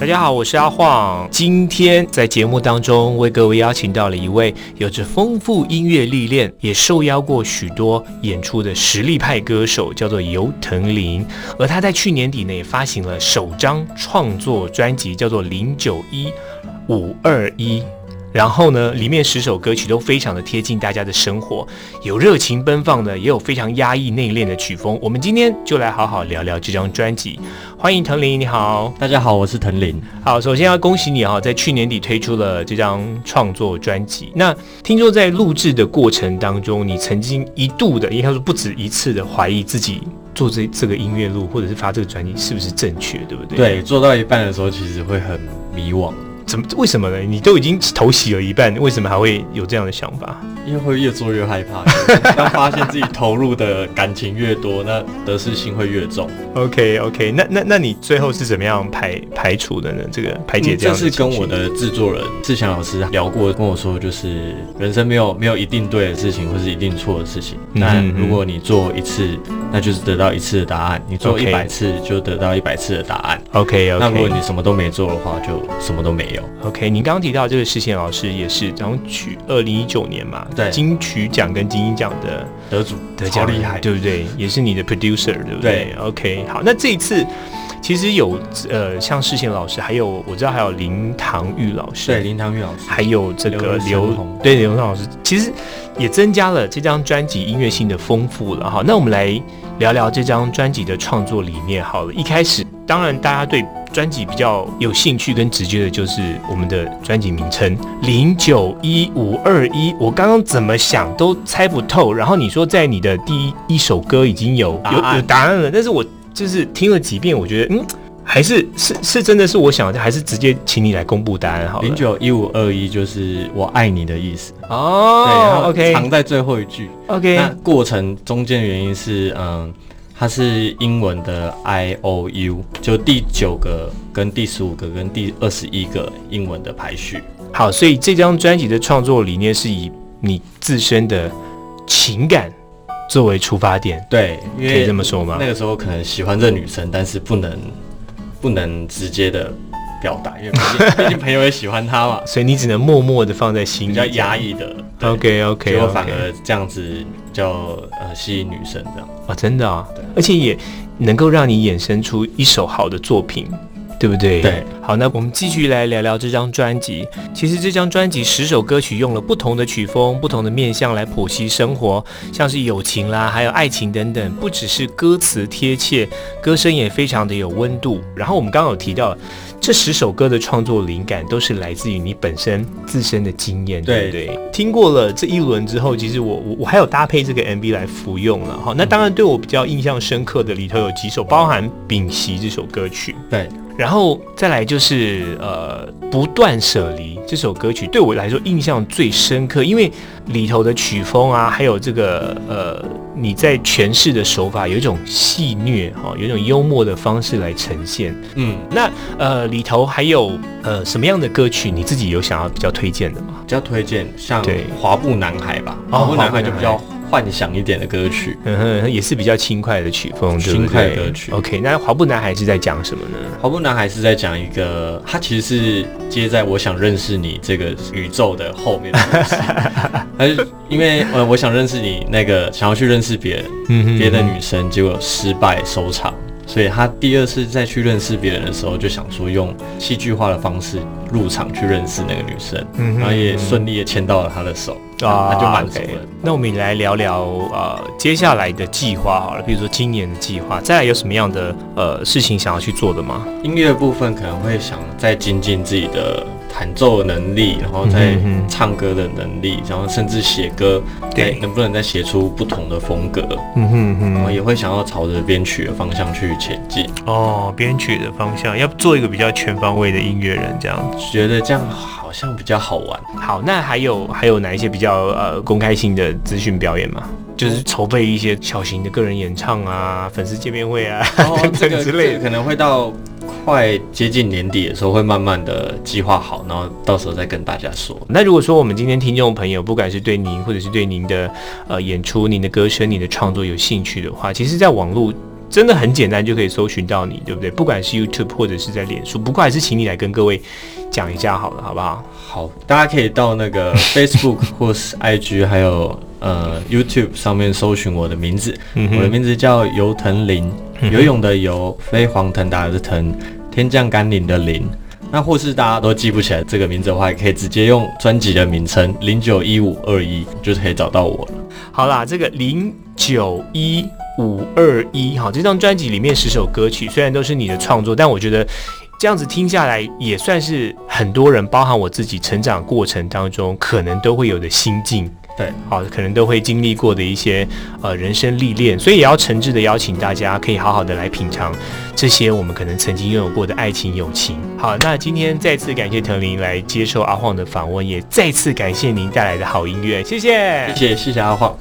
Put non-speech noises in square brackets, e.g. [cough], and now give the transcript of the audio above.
大家好，我是阿晃。今天在節目當中，為各位邀請到了一位有着豐富音樂歷練，也受邀過許多演出的實力派歌手，叫做游騰霖。而他在去年底內發行了首張創作專輯，叫做《零九一五二一》。然後呢，裡面十首歌曲都非常的貼近大家的生活，有熱情奔放的，也有非常壓抑內斂的曲風。我們今天就來好好聊聊這張專輯。歡迎騰霖，你好，大家好，我是騰霖。好，首先要恭喜你哈、哦，在去年底推出了這張創作專輯。那聽說在錄製的過程當中，你曾經一度的，應該說不止一次的懷疑自己做這這個音樂錄或者是發這個專輯是不是正確，對不對？對，做到一半的時候，其實會很迷惘。怎麼？為什麼呢？你都已經頭洗了一半，為什麼還會有這樣的想法？因為會越做越害怕。當發現自己投入的感情越多， [laughs] 那得失心會越重。OK OK，那那那你最後是怎麼樣排排除的呢？這個排解這樣的。嗯、這是跟我的制作人志祥老師聊過，跟我說就是，人生沒有沒有一定對的事情，或是一定錯的事情。嗯嗯那如果你做一次，那就是得到一次的答案；你做一百次，Okay. 就得到一百次的答案。OK OK，那如果你什麼都沒做的話，就什麼都沒有。OK，你剛剛提到這個世賢老師也是，然後取二零一九年嘛，對金曲獎跟金音獎的得主得獎，厲害，對不對？也是你的 producer，對不對，對？OK，好，那這一次其實有呃，像世賢老師，還有我知道還有林唐玉老師，對，林唐玉老師，還有這個劉同，劉，對，劉同老師，其實也增加了這張專輯音樂性的豐富了哈。那我們來聊聊這張專輯的創作理念好了，一開始當然大家對。專輯比較有興趣跟直接的就是我們的專輯名稱零九一五二一，我剛剛怎麼想都猜不透。然後你說在你的第一一首歌已經有有有答案了，但是我就是聽了幾遍，我覺得嗯，還是是是真的是我想的，還是直接請你來公布答案好了。零九一五二一就是我愛你的意思哦。Oh, 對，然後，OK，藏在最後一句。OK，那過程中間的原因是嗯。它是英文的 I O U，就第九個、跟第十五個、跟第二十一個英文的排序。好，所以這張專輯的創作理念是以你自身的情感作為出發點。對，因為 可以這麼說嗎？那個時候可能喜歡這女生，但是不能不能直接的。表達，因為畢竟 [laughs] 朋友也喜歡他嘛，所以你只能默默的放在心裡，比較壓抑的。OK OK，okay. 結果，反而這樣子就呃吸引女生的啊。哦，真的啊。哦，對，而且也能夠讓你衍生出一首好的作品，對不對？對，好，那我們繼續來聊聊這張專輯。其實這張專輯十首歌曲用了不同的曲風、不同的面向來剖析生活，像是友情啦，還有愛情等等，不只是歌詞貼切，歌聲也非常的有溫度。然後我們剛剛有提到了這十首歌的創作靈感都是來自於你本身自身的經驗，對，對不對？聽過了這一輪之後，其實我我我還有搭配這個 MV 來服用了哈。那當然對我比較印象深刻的裡頭有幾首，包含《丙烯》這首歌曲，對。然後再來就是呃，不斷捨離這首歌曲對我來說印象最深刻，因為裡頭的曲風啊，還有這個呃，你在詮釋的手法有一種戲謔哈、哦，有一種幽默的方式來呈現。嗯，那呃裡頭還有呃什麼樣的歌曲你自己有想要比較推薦的嗎？比較推薦像《滑步男孩》吧，對哦、《滑步男孩》就比較。幻想一點的歌曲，嗯哼，也是比較輕快的曲風，輕快的歌曲。對 OK，那滑步男孩是在講什麼呢？滑步男孩是在講一個，他其實是接在我想認識你這個宇宙的後面的， [laughs] 因為呃，我想認識你那個想要去認識別人，別 [laughs] 的女生，結果失敗收場。所以他第二次再去認識別人的時候，就想說用戲劇化的方式入場去認識那個女生，嗯嗯，然後也順利的牽到了她的手，那、啊、就滿足了。Okay. 那我們來聊聊呃接下來的計劃好了，比如說今年的計劃，再來有什麼樣的呃事情想要去做的嗎？音樂部分可能會想再精進自己的。彈奏能力，然後再唱歌的能力，嗯、哼哼然後甚至寫歌，對，能不能再寫出不同的風格？嗯哼哼，然後也會想要朝着編曲的方向去前進。哦，編曲的方向，要做一個比較全方位的音樂人，這樣覺得這樣好像比較好玩。好，那還有還有哪一些比較呃公開性的資訊表演嗎？就是籌備一些小型的個人演唱啊，粉絲見面會啊，然後等等，這個、之類可能會到。快接近年底的時候，會慢慢的計劃好，然後到時候再跟大家說。那如果說我們今天聽眾朋友，不管是對您，或者是對您的呃演出、您的歌聲、您的創作有興趣的話，其實，在網絡真的很簡單，就可以搜尋到你，對不對？不管是 YouTube 或者是在臉書，不過還是請你來跟各位講一下好了，好不好？好，大家可以到那個 Facebook [laughs] 或是 IG 還有。呃，YouTube 上面搜尋我的名字，嗯、哼我的名字叫游騰霖，嗯、哼游泳的游，飛黃騰達的騰，天降甘霖的霖。那或是大家都記不起來這個名字的話，也可以直接用專輯的名稱“零九一五二一”，就是可以找到我了。好啦，這個“零九一五二一”哈，這張專輯裡面十首歌曲雖然都是你的創作，但我覺得這樣子聽下來也算是很多人，包含我自己成長的過程當中可能都會有的心境。對，好，可能都會經歷過的一些呃人生歷練，所以也要誠摯的邀請大家，可以好好的來品嚐這些我們可能曾經擁有過的愛情、友情。好，那今天再次感謝騰霖來接受阿晃的訪問，也再次感謝您帶來的好音樂，謝謝，謝謝，謝謝阿晃。